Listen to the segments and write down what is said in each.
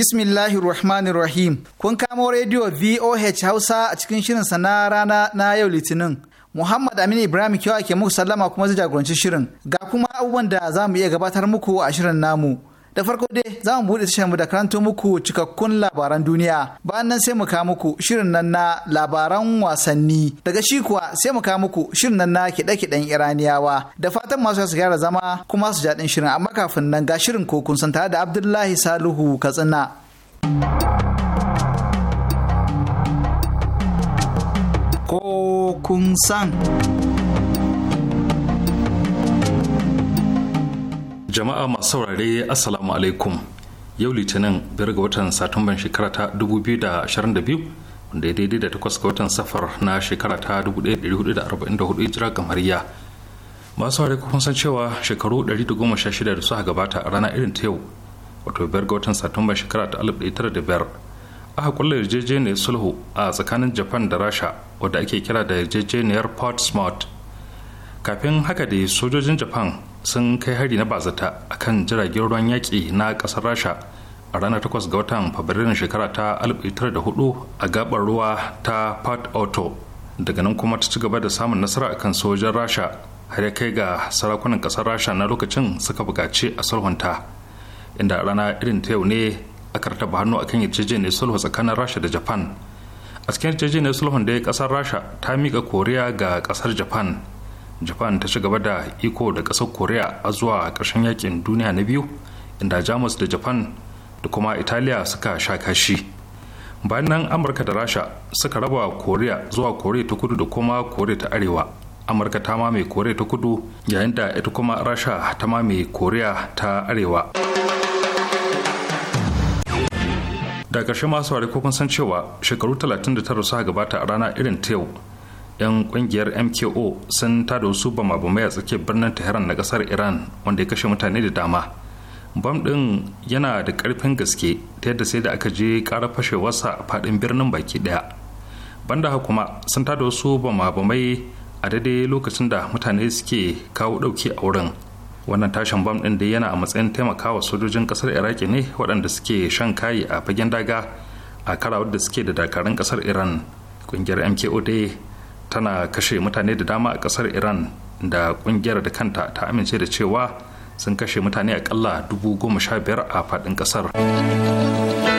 Bismillahirrahmanirrahim. Kun kamo rediyo VOH Hausa a cikin shirin na rana na yau Litinin. Muhammad Aminu Ibrahim kyau ake muku sallama kuma zai jagoranci shirin. Ga kuma abubuwan da za mu iya gabatar muku a shirin namu. Da farko dai za mu buɗe tashar mu da karanto muku cikakkun labaran duniya. Bayan nan sai mu kawo muku shirin nan na labaran wasanni. Daga shi kuwa sai mu kawo muku shirin nan na kiɗe-kiɗen Iraniyawa. Da fatan masu su gyara zama kuma su jaɗin shirin amma kafin nan ga shirin ko kun san tare da Abdullahi Salihu Katsina. Ko kun san. jama'a masu saurare assalamu alaikum yau litinin biyar ga watan satumban shekara ta 2022 wanda ya daidai da takwas ga watan safar na shekara ta 1444 ga Mariya. masu saurare kun san cewa shekaru 116 da suka gabata a rana irin ta yau wato biyar ga watan satumban shekara ta 1905 aka kulle yarjejeniyar sulhu a tsakanin japan da rasha wadda ake kira da yarjejeniyar portsmouth kafin haka da sojojin japan sun kai hari na bazata a kan jiragen ruwan yaƙi na ƙasar rasha a ranar 8 ga watan fabrairun shekara ta 1904 a gabar ruwa ta port auto daga nan kuma ta ci gaba da samun nasara a kan sojan rasha har ya kai ga sarakunan ƙasar rasha na lokacin suka bugaci a sulhunta inda a rana irin ta yau ne aka rataba hannu akan yarjejeniyar sulhu tsakanin rasha da japan a cikin yarjejeniyar sulhun da ya ƙasar rasha ta miƙa koriya ga ƙasar japan japan ta ci gaba da iko da ƙasar korea a zuwa ƙarshen yakin duniya na biyu inda jamus da japan da kuma italiya suka sha kashi bayan nan amurka da rasha suka raba korea zuwa korea ta kudu da kuma korea ta arewa amurka ta mame korea ta kudu yayin da ita kuma rasha ta mame korea ta arewa da karshe masu ware kun san cewa shekaru 39 suka gabata a rana irin ta yau 'yan kungiyar mko sun tada wasu bama-bamai a tsakiyar birnin tehran na kasar iran wanda ya kashe mutane da dama bam ɗin yana da karfin gaske ta yadda sai da aka je ƙara fashewarsa a faɗin birnin baki ɗaya banda kuma sun tada wasu bama-bamai a daidai lokacin da mutane suke kawo ɗauki a wurin wannan tashin bam ɗin da yana a matsayin taimakawa sojojin ƙasar iraki ne waɗanda suke shan kayi a fagen daga a karawar da suke da dakarun ƙasar iran ƙungiyar mko dai tana kashe mutane da dama a kasar iran da kungiyar da kanta ta amince da cewa sun kashe mutane akalla dubu goma sha biyar a faɗin ƙasar.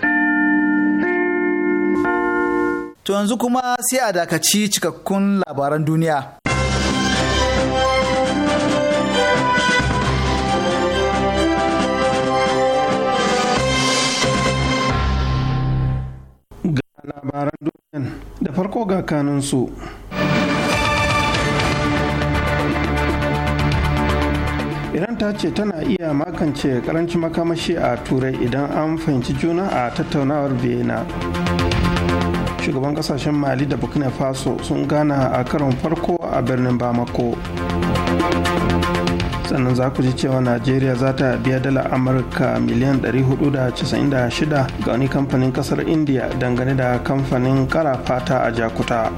To yanzu kuma sai a dakaci cikakkun labaran duniya. Ga labaran duniyan da farko ga kanunsu. Iran ta ce tana iya makance ƙarancin makamashi a Turai idan an fahimci juna a tattaunawar Vienna. shugaban kasashen mali da burkina faso sun gana a karon farko a birnin bamako sannan za ku ji cewa najeriya za ta biya dala amurka miliyan 496 ga wani kamfanin kasar india dangane da kamfanin karafata a jakuta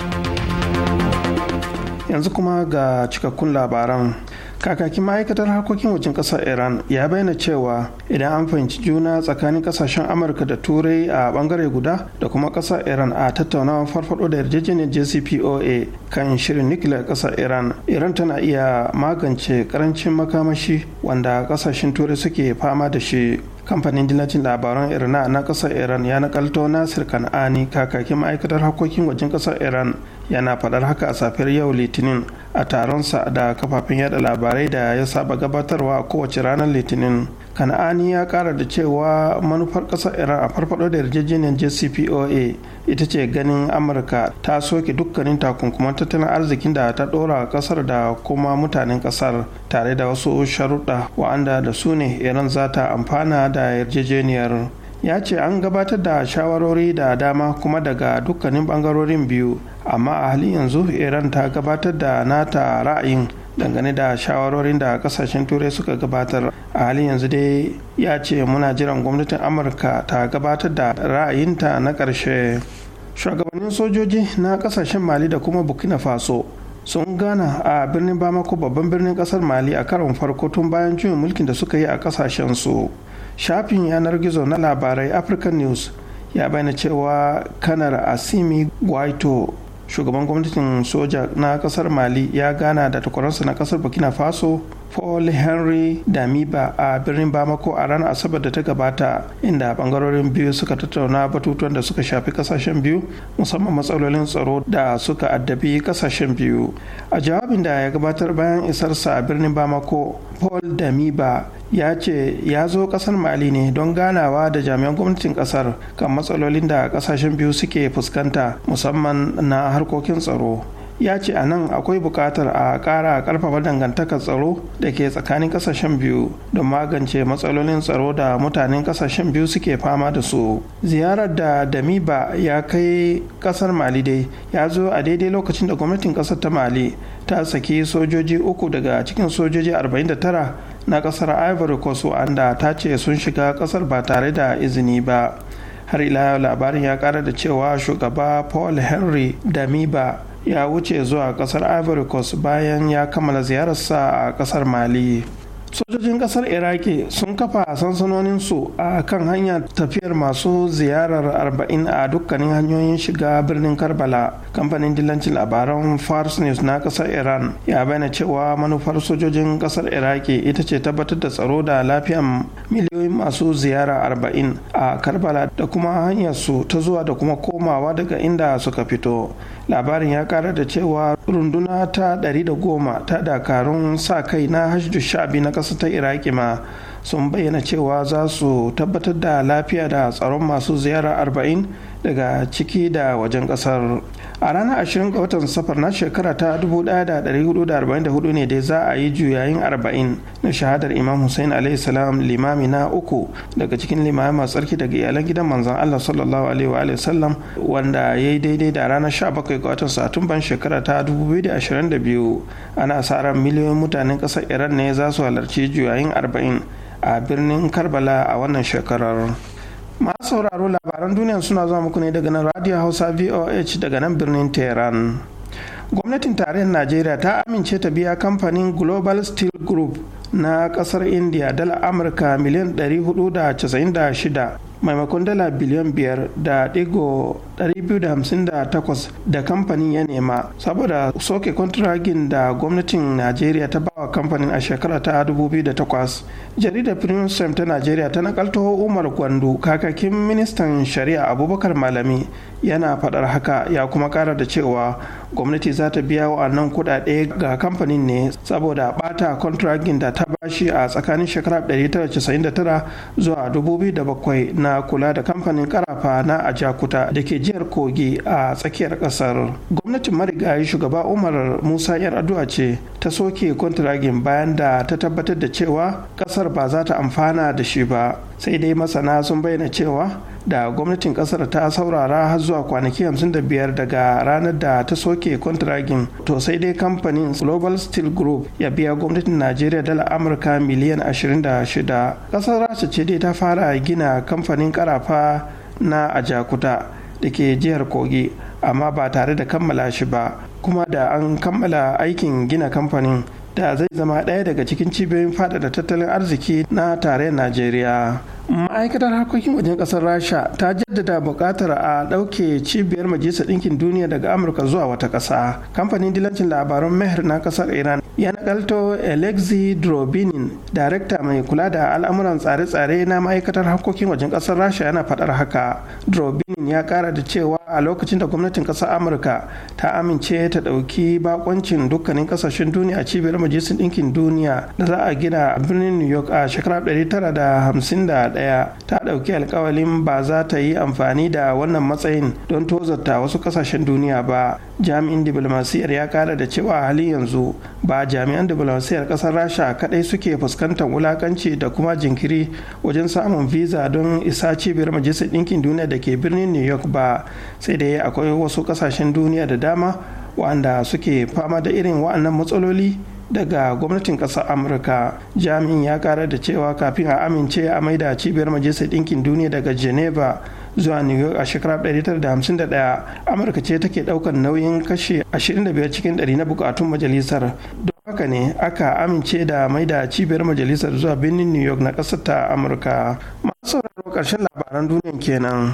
yanzu kuma ga cikakkun labaran kakakin ma'aikatar harkokin wajen ƙasar iran ya bayyana cewa idan an fahimci juna tsakanin ƙasashen amurka da turai a bangare guda da kuma kasar iran a tattaunawar farfado da yarjejeniyar jcpoa kan shirin nukiliyar ƙasar iran iran tana iya magance karancin makamashi wanda ƙasashen turai suke fama da shi kamfanin dillacin labaran irina na kasar iran ya nakalto nasir kan'ani kakakin ma'aikatar harkokin wajen kasar iran yana faɗar haka a safiyar yau litinin a taronsa da kafafen yada labarai da ya saba gabatarwa a kowace ranar litinin kan'ani ya kara da cewa manufar ƙasar iran a farfaɗo da yarjejeniyar jcpoa ita ce ganin amurka ta soke dukkanin takunkuman tattalin arzikin da ta ɗora ƙasar da kuma mutanen ƙasar tare da wasu sharuɗa wa'anda da su ne iran za ta amfana da yarjejeniyar ya ce an gabatar da shawarori da dama kuma daga dukkanin bangarorin biyu amma a halin yanzu iran ta gabatar da nata ra'ayin dangane da shawarorin da kasashen turai suka gabatar a halin yanzu dai ya ce muna jiran gwamnatin amurka ta gabatar da ra'ayinta na karshe. shugabannin sojoji na kasashen mali da kuma burkina faso sun gana a birnin bamako babban birnin kasar mali a karon farko tun bayan juyin mulkin da suka yi a kasashen su shafin yanar gizo na labarai african news ya bayyana cewa kanar asimi gwaito shugaban gwamnatin soja na kasar mali ya gana da takwaransa na kasar burkina faso paul henry damiba a birnin bamako a ranar asabar da ta gabata inda bangarorin biyu suka tattauna batutuwan da suka shafi kasashen biyu musamman matsalolin tsaro da suka addabi kasashen biyu a jawabin da ya gabatar bayan isarsa a birnin bamako paul damiba ya ce ya zo kasar mali ne don ganawa da jami'an gwamnatin kasar kan matsalolin da kasashen biyu suke fuskanta musamman na harkokin tsaro ya ce a nan akwai buƙatar a ƙara ƙarfafa dangantakar tsaro da ke tsakanin ƙasashen biyu don magance matsalolin tsaro da mutanen ƙasashen biyu suke fama da su ziyarar da damiba ya kai ƙasar mali dai ya zo a daidai lokacin da gwamnatin ƙasar ta mali ta saki sojoji uku daga cikin sojoji 49 na ƙasar ivory coast wanda ta ce sun shiga ƙasar ba tare da izini ba har ila labarin ya ƙara da cewa shugaba paul henry damiba ya wuce zuwa kasar ivory coast bayan ya kammala ziyararsa a kasar mali sojojin kasar iraki sun kafa sansanonin su a kan hanyar tafiyar masu ziyarar arba'in a dukkanin hanyoyin shiga birnin karbala kamfanin dillancin labaran fars news na kasar iran ya bayyana cewa manufar sojojin kasar iraki ita ce tabbatar da tsaro da lafiyan miliyoyin masu ziyara arba'in a karbala da kuma hanyar su ta zuwa da kuma komawa daga inda suka fito labarin ya kara da cewa runduna ta 110 ta dakarun sa kai na hajjdu sha'abi na ƙasar ta iraki ma sun bayyana cewa za su tabbatar da lafiya da tsaron masu ziyara 40 daga ciki da wajen kasar. a ranar 20 ga watan safar na shekara ta 1444 ne dai za a yi juyayin 40 na shahadar imam hussein alaihi salam limami na uku daga cikin limami masu tsarki daga iyalan gidan manzon allah sallallahu alaihi wa sallam wanda ya yi daidai da ranar 17 ga watan satumban shekara ta 2022 ana sa ran miliyoyin mutanen ƙasar iran ne za su halarci juyayin 40 a birnin karbala a wannan shekarar. masu sauraro labaran duniya suna zuwa muku ne daga nan radio hausa voh daga nan birnin tehran gwamnatin tarayyar najeriya ta amince ta biya kamfanin global steel group na kasar india dala amurka miliyan 496 maimakon dala biliyan 5 da digo 258 da kamfanin ya nema saboda soke kwantaragin da gwamnatin najeriya ta bawa kamfanin a shekara ta 2008 jaridar princeton ta najeriya ta nakalto umar gwandu kakakin ministan shari'a abubakar malami yana fadar haka ya kuma kara da cewa gwamnati za ta biya wa'annan kudade ga kamfanin ne saboda bata kwantaragin da ta bashi a tsakanin shekara 1999 zuwa 2007 na kula da kamfanin karafa na ajakuta da ke jihar kogi a tsakiyar kasar gwamnatin marigayi shugaba umar musa yar addu'a ce ta soke kwantiragin bayan da ta tabbatar da cewa kasar ba za ta amfana da shi ba sai dai masana sun bayyana cewa da gwamnatin kasar ta saurara har zuwa kwanaki 55 daga ranar da ta soke kwantiragin to sai dai kamfanin global steel group ya biya gwamnatin najeriya dala amurka miliyan 26 kasar rasha ce dai ta fara gina kamfanin karafa na ajakuta da ke jihar kogi amma ba tare da kammala shi ba kuma da an kammala aikin gina kamfanin da zai zama ɗaya daga cikin cibiyoyin faɗaɗa tattalin arziki na tarayyar najeriya ma'aikatar harkokin wajen kasar rasha ta jaddada buƙatar a ɗauke cibiyar majalisar ɗinkin duniya daga amurka zuwa wata ƙasa kamfanin dilancin labaran mehr na ƙasar iran ya nakalto alexi drobinin darekta mai kula da al'amuran tsare-tsare na ma'aikatar harkokin wajen ƙasar rasha yana faɗar haka drobinin ya ƙara da cewa a lokacin da gwamnatin ƙasar amurka ta amince ta ɗauki bakoncin dukkanin ƙasashen duniya a cibiyar majalisar ɗinkin duniya da za a gina a birnin new york a shekarar da. daya ta ɗauki alkawalin ba za ta yi amfani da wannan matsayin don tozarta wasu kasashen duniya ba jami'in diplomasiyar ya kara da cewa halin yanzu ba jami'an diplomasiyar ƙasar rasha kaɗai suke fuskantar wulakanci da kuma jinkiri wajen samun visa don isa cibiyar majalisar ɗinkin duniya da ke birnin new york ba sai dai akwai wasu kasashen duniya da dama wa'anda suke fama da irin wa'annan matsaloli daga gwamnatin ƙasar amurka jami'in ya kara da cewa kafin a amince a maida cibiyar majalisar ɗinkin duniya daga geneva zuwa new york a shekarar 1951 amurka ce take ɗaukar nauyin kashe 25 cikin 100 na bukatun majalisar don haka ne aka amince da maida cibiyar majalisar zuwa birnin new york na ƙasar ta amurka masu sauraro ƙarshen labaran duniya kenan.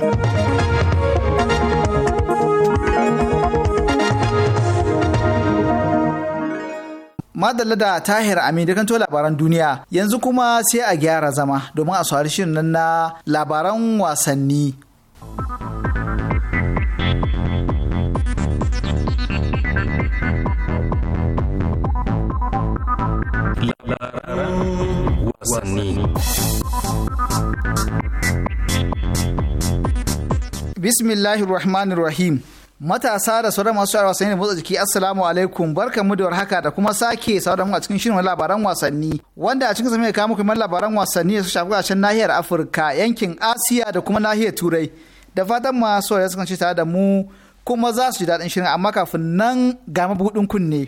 madalla da tahir amin da kanto labaran duniya yanzu kuma sai a gyara zama domin a saurari shirin nan na labaran wasanni labaran matasa da sauran masu shawarar wasanni da motsa jiki assalamu alaikum barkan mu da warhaka da kuma sake sauran mu a cikin shirin labaran wasanni wanda a cikin zamanin kawo muku labaran wasanni da su shafi kashin nahiyar afirka yankin asiya da kuma nahiyar turai da fatan masu wari sukan ci tare da mu kuma za su ji daɗin shirin amma kafin nan ga mabuɗin kunne.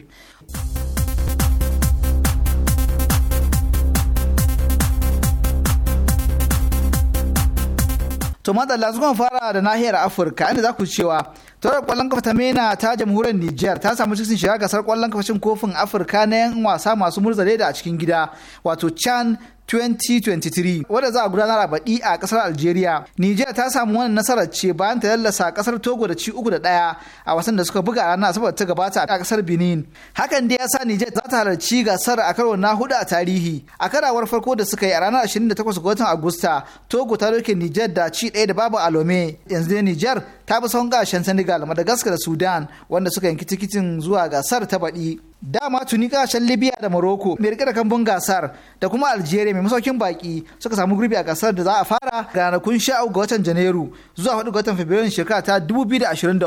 To madalla zuwa fara da nahiyar Afirka inda za ku cewa tawarar kwallon kafa ta mena ta jamhuriyar Nijar ta samu cikin shiga gasar kwallon kafa cin kofin Afirka na yan wasa masu murzale da a cikin gida wato Chan 2023 wadda za a gudanar a baɗi a ƙasar Algeria. Nijar ta samu wannan nasarar ce bayan ta lallasa ƙasar Togo da ci uku da ɗaya a wasan da suka buga a ranar Asabar ta gabata a ƙasar Benin. Hakan dai ya sa Nijar za ta halarci gasar a karo na hudu a tarihi. A karawar farko da suka yi a ranar 28 ga watan Agusta, Togo ta doke Nijar da ci ɗaya da babu alome. Yanzu dai Nijar ta bi son gashen Senegal, Madagascar da Sudan wanda suka yanki tikitin zuwa gasar ta baɗi. dama tuni kasashen libya da morocco mai rike da kambun gasar da kuma algeria mai masaukin baki suka samu gurbi a kasar da za a fara ranakun sha ga watan janairu zuwa hudu ga watan fabrairu shekara ta 2023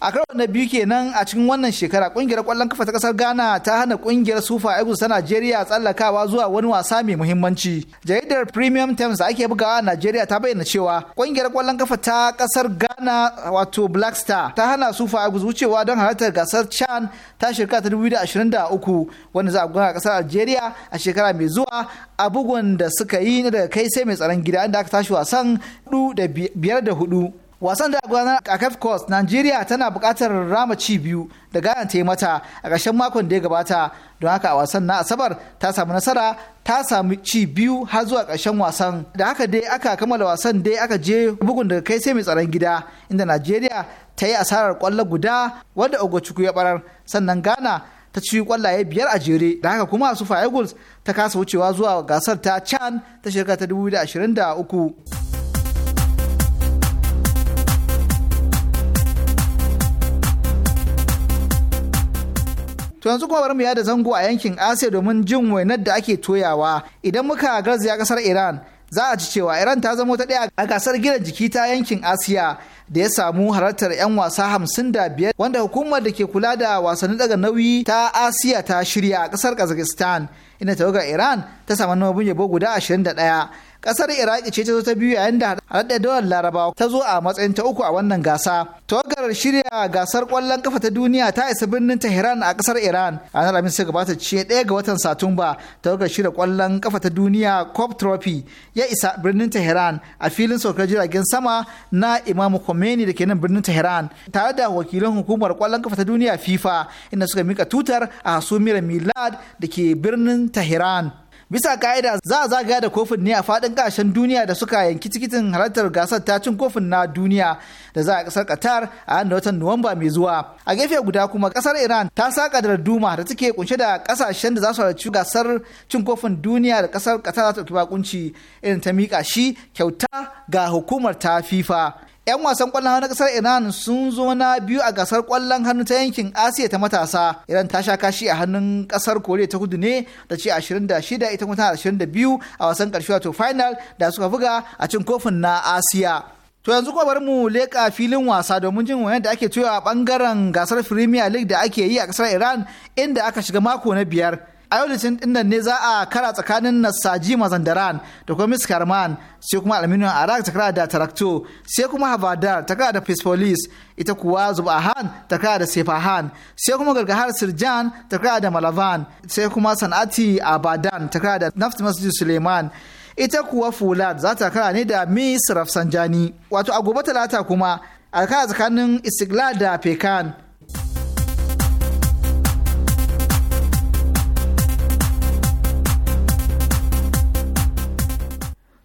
a karo na biyu kenan a cikin wannan shekara kungiyar kwallon kafa ta kasar ghana ta hana kungiyar sufa eagles ta nigeria tsallakawa zuwa wani wasa mai muhimmanci jaridar premium times da ake bugawa a nigeria ta bayyana cewa kungiyar kwallon kafa ta kasar ghana wato black star ta hana sufa eagles wucewa don halartar gasar chan ta shekara ta 23 wanda za a gudana a kasar Algeria a shekara mai zuwa a bugun da suka yi na daga kai sai mai tsaron gida inda aka tashi wasan 4 da 5 4. Wasan da gudanar a Cape Coast, Nigeria tana buƙatar rama ci biyu da Ghana ta yi mata a ƙarshen makon da ya gabata don haka a wasan na Asabar ta samu nasara ta samu ci biyu har zuwa ƙarshen wasan da haka dai aka kammala wasan dai aka je bugun daga kai sai mai tsaron gida inda nigeria ta yi asarar kwallo guda wanda Ogochukwu ya barar sannan Ghana ta ci kwallaye biyar a jere da haka kuma su Eagles ta kasa wucewa zuwa gasar ta Chan ta shekara ta 2023. To yanzu kuma bari mu yada zango a yankin Asiya domin jin wainar da ake toyawa idan muka garzaya kasar Iran za a ci cewa Iran ta zama ta ɗaya a gasar gidan jiki ta yankin Asiya da ya samu halartar 'yan wasa hamsin da biyar wanda hukumar da ke kula da wasannin daga nauyi ta asiya ta shirya a kasar kazakhstan inda tawagar iran ta samu nomobin yabo guda ashirin da ɗaya kasar iraki ce ta zo ta biyu yayin da haɗaɗɗen dawar larabawa ta zo a matsayin ta uku a wannan gasa tawagar shirya gasar ƙwallon kafa ta duniya ta isa birnin tehran a kasar iran a ranar ga gabata ce ɗaya ga watan satumba tawagar shirya ƙwallon kafa ta duniya cop trophy ya isa birnin tehran a filin saukar jiragen sama na imamu khomeini da ke nan birnin tehran tare da wakilan hukumar ƙwallon kafa ta duniya fifa inda suka mika tutar a hasumiyar milad da ke birnin tehran bisa ka'ida za a zagaya da kofin ne a faɗin ƙasashen duniya da suka yanki tikitin halartar gasar ta cin kofin na duniya da za a ƙasar qatar a yanda watan nuwamba mai zuwa a gefe guda kuma ƙasar iran ta saka da duma da take kunshe da ƙasashen da za su halarci gasar cin kofin duniya da ƙasar qatar za ta ɗauki bakunci irin ta miƙa shi kyauta ga hukumar ta fifa 'yan wasan kwallon hannu na kasar iran sun zo na biyu a gasar kwallon hannu ta yankin asiya ta matasa iran ta sha kashi a hannun kasar koriya ta kudu ne da ce 26 ita kuma tana 22 a wasan karshe wato final da suka buga a cin kofin na asiya to yanzu kuma bari mu leka filin wasa domin jin wayan da ake cewa a bangaren gasar premier league da ake yi a kasar iran inda aka shiga mako na biyar a yau litinin din nan ne za a kara tsakanin nasaji mazandaran da kuma miss karman sai kuma Alminu arak ta kara da tarakto sai kuma havadar ta kara da fesfolis ita kuwa zubahan ta kara da sefahan sai kuma gargahar sirjan ta kara da malavan sai kuma san'ati abadan ta kara da naft masjid suleiman ita kuwa fulad za ta kara ne da miss rafsanjani wato a gobe talata kuma a kara tsakanin istiklal da pekan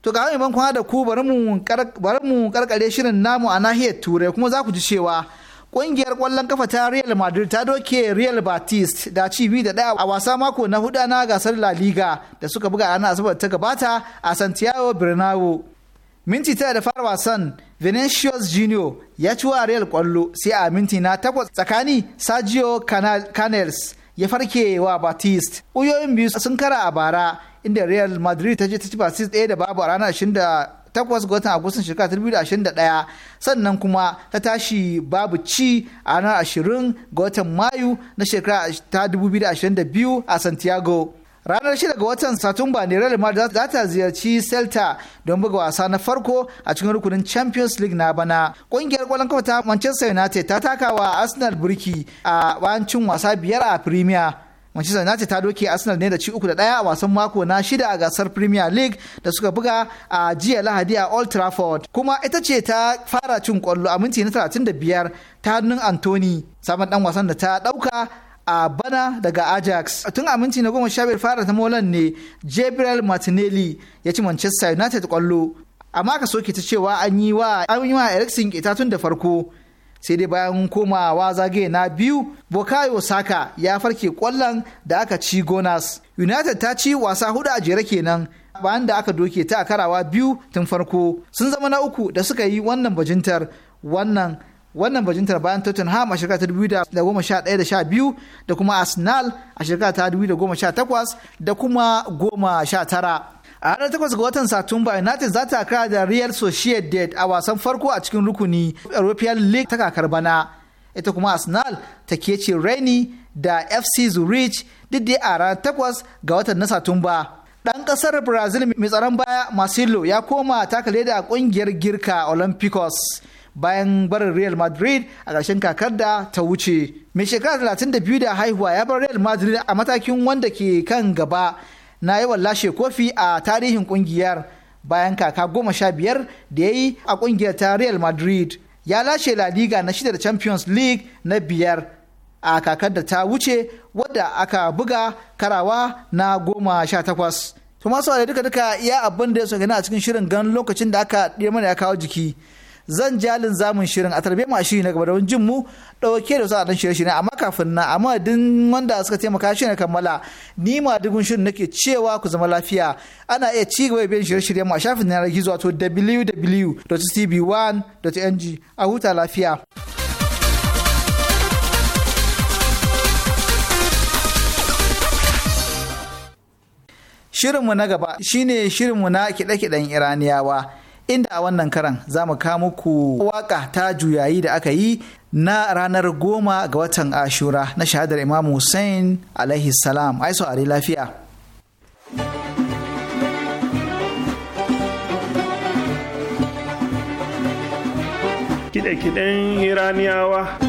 To ga mai kwana da ku bari mu karkare shirin namu a nahiyar Turai kuma za ku ji cewa kungiyar kwallon kafa ta Real Madrid ta doke Real Batist da ci biyu da daya a wasa mako na hudu na gasar La Liga da suka buga ranar Asabar ta gabata a Santiago Bernabeu. Minti tara da fara wasan venetius Junior ya ci wa Real kwallo sai a minti na takwas tsakani Sergio canals ya farke wa Batist. Uyoyin biyu sun kara a bara inda real madrid ta je ta ci basis ɗaya da babu a ranar 28 ga watan agustan shekara 2021 sannan kuma ta tashi babu ci a ranar 20 ga watan mayu na shekara ta 2022 a santiago ranar 6 ga watan satumba ne real madrid za ta ziyarci celta don buga wasa na farko a cikin rukunin champions league na bana kungiyar kwallon kafa ta manchester united ta taka wa arsenal burki a bayan cin wasa biyar a premier Manchester United ta doke Arsenal ne da ci uku da ɗaya a wasan mako na shida a gasar Premier League da suka buga a jiya Lahadi a Old Trafford. Kuma ita ce ta fara cin kwallo a minti na biyar ta hannun Anthony, sabon dan wasan da ta ɗauka a bana daga ajax tun a minti na goma sha biyar fara ta molan ne gabriel martinelli ya ci manchester united kwallo amma ka soke ta cewa an yi wa Eriksen ita tun da farko sai dai bayan komawa zagaye na biyu bukayo saka ya farke kwallon da aka ci gonas united ta ci wasa hudu a jere kenan bayan da aka doke ta karawa biyu tun farko sun zama na uku da suka yi wannan bajintar wannan wannan bajintar bayan tottenham a shekara da da kuma arsenal a shekara ta 2018 da kuma goma a ranar takwas ga watan satumba united za ta kara da real sociedad a wasan farko a cikin rukuni european league ta kakar bana ita kuma arsenal ta kece raini da fc zurich diddi a ranar takwas ga watan na satumba dan kasar brazil mai tsaron baya marcelo ya koma taka leda a kungiyar girka olympicos bayan barin real madrid a ƙarshen kakar da ta wuce mai shekara 32 da haihuwa ya bar real madrid a matakin wanda ke kan gaba na yawan lashe kofi a tarihin kungiyar bayan kaka goma sha biyar da ya yi a kungiyar ta real madrid ya lashe la liga na shida da champions league na biyar a kakar da ta wuce wadda aka buga karawa na goma sha takwas to masu duka duka iya abin da ya sauke a cikin shirin gan lokacin da aka ɗirma mana ya kawo jiki zan jalin zamun shirin a tarbe mu a shiri na gaba da wani jin mu dauke da sa'adan shirye-shirye amma kafin na amma din wanda suka taimaka shi na kammala ni ma dugun shirin nake cewa ku zama lafiya ana iya ci gaba biyan shirye-shiryen mu a shafin na ragi zuwa wato www.tv1.ng a huta lafiya. Shirinmu na gaba shine shirinmu na kiɗe-kiɗen Iraniyawa. inda a wannan karan za mu kawo muku waka ta juyayi da aka yi na ranar goma ga watan ashura na shahadar imam hussein alaihi salam ai saurari lafiya kide-kiden iraniyawa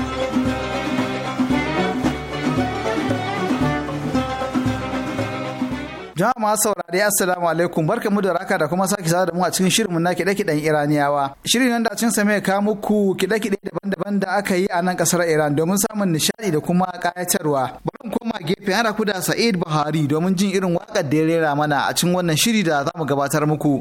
Jama'a masu saurari assalamu alaikum barkamu da raka da kuma sake sada da mu a cikin shirinmu na kiɗe-kiɗen Iraniyawa. Shirin nan da cin sa mai ka muku kiɗe-kiɗe daban-daban da aka yi a nan kasar Iran domin samun nishaɗi da kuma kayatarwa Bari koma gefe an raku da Sa'id Buhari domin jin irin wakar da ya rera mana a cikin wannan shiri da za mu gabatar muku.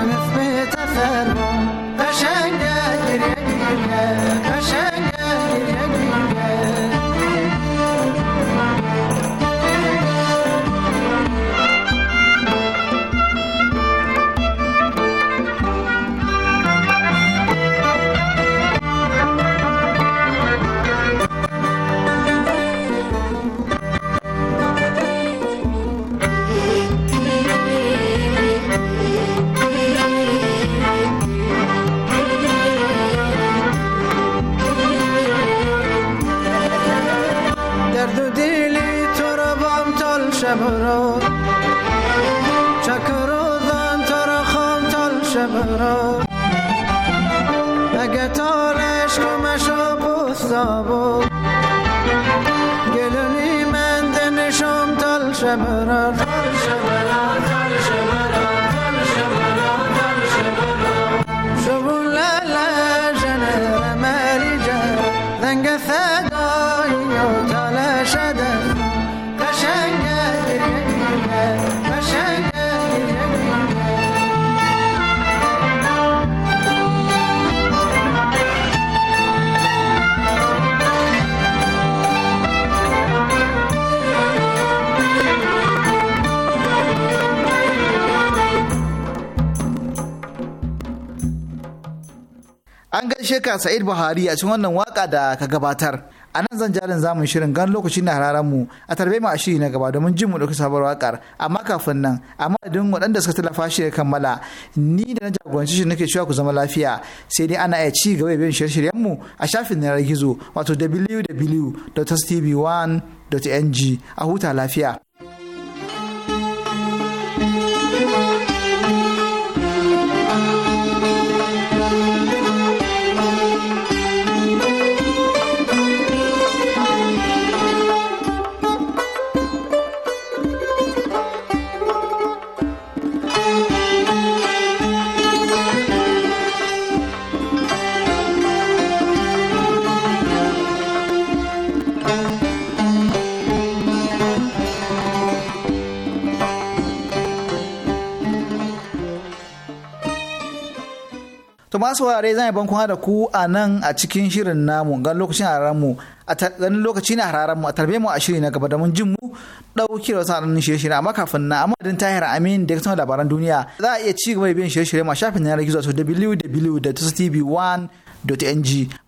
برا چکر و تر خان تل شبرا اگه تالش کمش و گلونی من دنشم تل شبرا an gaishe ka sa'id buhari a cikin wannan waka da ka gabatar a nan zan jarin zamun shirin gan lokaci na hararen mu a tarbe mu a shiri na gaba domin jin mu ɗauki sabuwar wakar amma kafin nan amma idan waɗanda suka tallafa shi ya kammala ni da na jagoranci shi nake cewa ku zama lafiya sai dai ana iya ci gaba bin shirye-shiryen mu a shafin na gizo wato www.tv1.ng a huta lafiya. To masu ware zan yi bankon da ku a nan a cikin shirin namu gan lokacin hararen mu a ganin lokaci na hararen mu a tarbe mu a shiri na gaba da mun jin mu dauki da wasu hararin shirye-shirye amma kafin na amma din tahir amin da kasance labaran duniya za a iya ci gaba da biyan shirye-shirye ma shafin yanar gizo wato www.tv1.ng